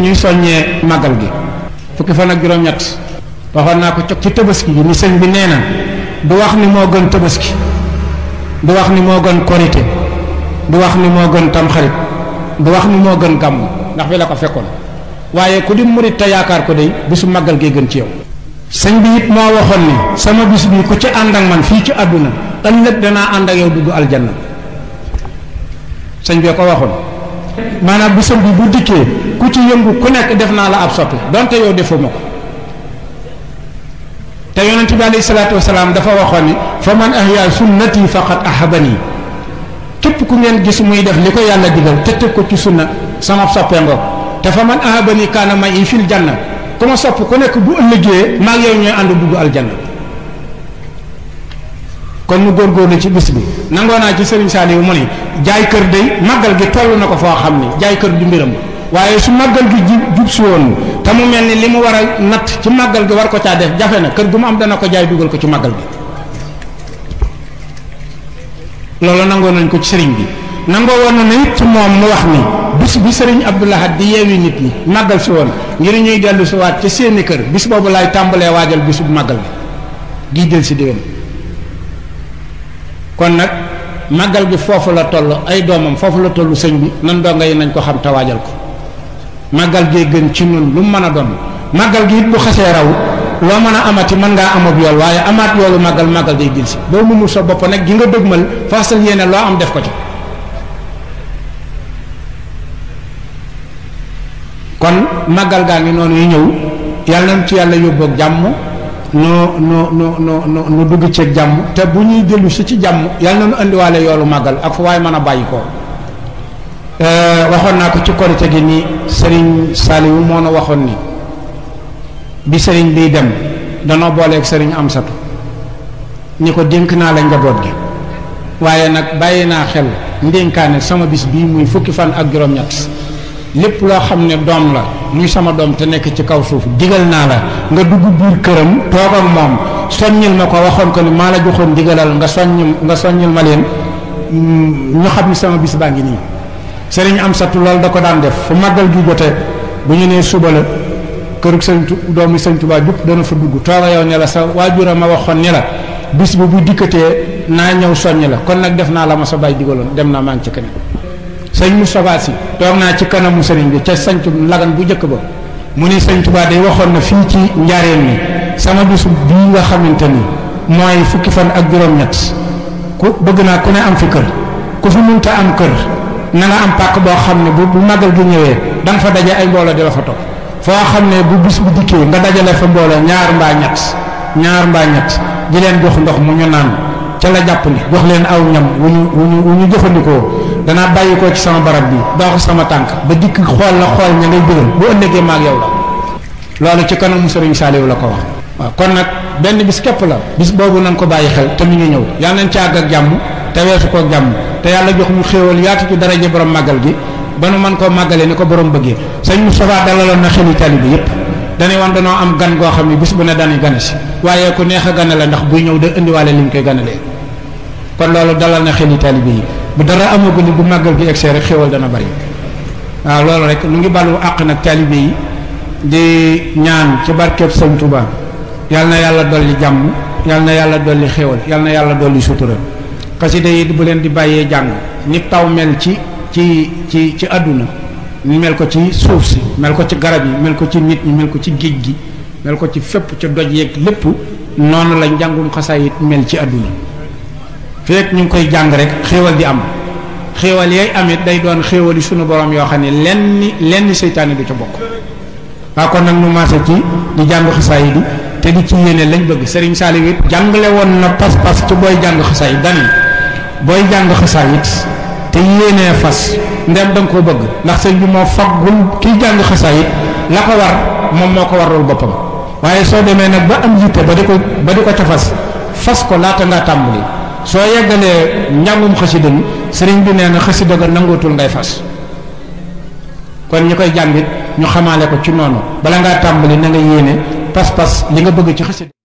ñuy soññee màggal gi fukki fan ak juróom ñett waxoon naa ko ci ni sëñ bi nee na du wax ni moo gën tabaski du wax ni moo gën korité du wax ni moo gën xarit du wax ni moo gën gàmm ndax fi la ko fekkoon waaye ku di murit te yaakaar ko day bisu màggal gi gën ci yow sëñ bi it moo waxoon ni sama bis bi ku ci ànd ak man fii ci àdduna ëllëg danaa ànd ak yow dugg aljanna sëñ bi ko waxoon maanaam bisam bi bu dikkee ku ci yëngu ku nekk def naa la ab soppe donte yow defuma ko te yonent bi alayhi salaatu dafa waxoon ni fa man ahya sunnati faqad ahabani képp ku ngeen gis muy def li ko yàlla digal te teg ko ci sunna sama soppee nga te fa man ahabani kaana ma yi fil janna ku ma sopp ku nekk bu ëllëgee maag yow ñooy ànd dugg aljanna kon nu góorgóorlu ci bis bi nangoo naa ci Serigne Saliou mu ni jaay kër day màggal gi toll na ko foo xam ni jaay kër du mbiram waaye su màggal gi jub si woon te mu mel ni li mu war a natt ci màggal gi war ko caa def jafe na kër am dana ko jaay dugal ko ci màggal gi loolu nangoo nañ ko ci sëriñ bi nangoo woon na it moom mu wax ni bis bi sëriñ abdullah di yeewi nit ñi màggal si woon ngir ñuy dellu si waat ci seeni kër bis boobu laay tàmbalee waajal bisub màggal gi gii del si déwén kon nag màggal gi foofu la toll ay doomam foofu la toll sëñ bi nan donga ngay nañ ko xam te ko màggal gee gën ci ñun lu mu mën a doon màggal gi it bu xasee raw loo mën a amati mën ngaa amab yool waaye amaat yoolu màggal màggal day dil si boo mënul sa bopp nag gi nga dëgmal faasal yéene loo am def ko ci kon màggal gaa ngi noonu yi ñëw yàlla nañ ci yàlla yóbboog jàmm no no no no no nu dugg ceeg jàmm te bu ñuy dellu si ci jàmm yal yàlla nañu indiwaale yoolu màggal ak fu waaye mën a bàyyi koo Eh, waxon na ko ci korite gi ni sëriñ moo na waxoon ni bi sëriñ bi dem danoo booleeg sëriñ satu ni ko dénk naa la njaboot gi waaye nag bàyyi xel ndénkaane sama bis bii muy fukki fan ak juróom-ñett lépp loo xam ne doom la muy sama doom te nekk ci kaw suuf digal naa la nga dugg biir këram toog ak moom soññil ma ko waxoon ko ni maa la joxoon digalal nga soññ nga soññil ma mm, ñu xam sama bis baa ngi serigne am lol da ko daan def fu magal gi joté bu ñu né suba la keuruk serigne doomi serigne touba da na fa dugg tawa yow ne la sa wajura ma waxon ne la bis bu bu dikate na ñew soñ la kon nak def na la ma sa bay digalon dem na man ci kene serigne mustafa si tok na ci kanam serigne bi ci santu lagan bu jëk ba mu ni serigne touba day waxon na fi ci ni sama bisu bi nga xamanteni moy fukki fan ak juroom ñet ku bëgg na ku ne am fi kër ku fi munta am kër Nana nga am pàq boo xam ne bu bu màggal gi ñëwee dang fa daje ay mbooloo di la fa topp foo xam ne bu bis bu dikkee nga dajale fa mbooloo ñaar mbaa ñett ñaar mbaa ñett di leen jox ndox mu ñu naan ca la jàpp ni jox leen aw ñam wu ñu wu ñu wu ñu jëfandikoo danaa bàyyi ko ci sama barab bi dox sama tànk ba dikk xool la xool ña ngay bëggal bu ëllëgee maag yow la loolu ci kanam sëriñ saaliw la ko wax waaw kon nag benn bis képp la bis boobu nañ ko bàyyi xel te mi ngi ñëw yàlla nañ ci àgg ak te weesu ko te yàlla jox mu xéewal yaatu ci daraje borom màggal gi ba nu man koo màggalee ni ko borom bëggee sëñ Moustapha dalaloon na xeli taalibe yépp dañuy wan danoo am gan goo xam ne bis bu ne dañuy gane si waaye ku neex a ganale ndax buy ñëw da indiwaale li ñu koy ganalee kon loolu dalal na xeli taalibe yi bu dara amagul bu màggal gi egsee rek xéewal dana bari waaw loolu rek nu ngi balu àq nag yi di ñaan ci barkeb Yalna Touba yal na yàlla dolli jàmm yal na yàlla dolli xéewal na yàlla dolli sutura qasida yi bu len di baye jang ni taw mel ci ci ci ci ni mel ko ci souf ci mel ko ci garab yi mel ko ci nit ñi mel ko ci géej gi mel ko ci fep ci doj lepp non la mel ci aduna fek ñu koy jang rek xewal di am xewal yay amit day doon xéewali sunu borom yo xani ne lenn lenn seytaane du ci bokk ba kon nak nu ci di jàng xasaay di te di ci yene lañ bëgg serigne salih wit jangale won na pas pas ci booy jàng xasaay dan booy jàng xasaayit te yéenee fas ndem danga nga bëgg ndax sëñ bi moo faggul kiy jàng xasaayit la ko war moom moo ko warul boppam waaye soo demee nag ba am yitte ba di ko ba di ko ca fas fas ko laata ngaa tàmbali soo yeggalee njàngum xasida mi sëriñ bi nee na xasida ga nangootul ngay fas kon ñi koy jàngit ñu xamaale ko ci noonu bala ngaa tàmbali na nga yéene pas-pas li nga bëgg ci xasida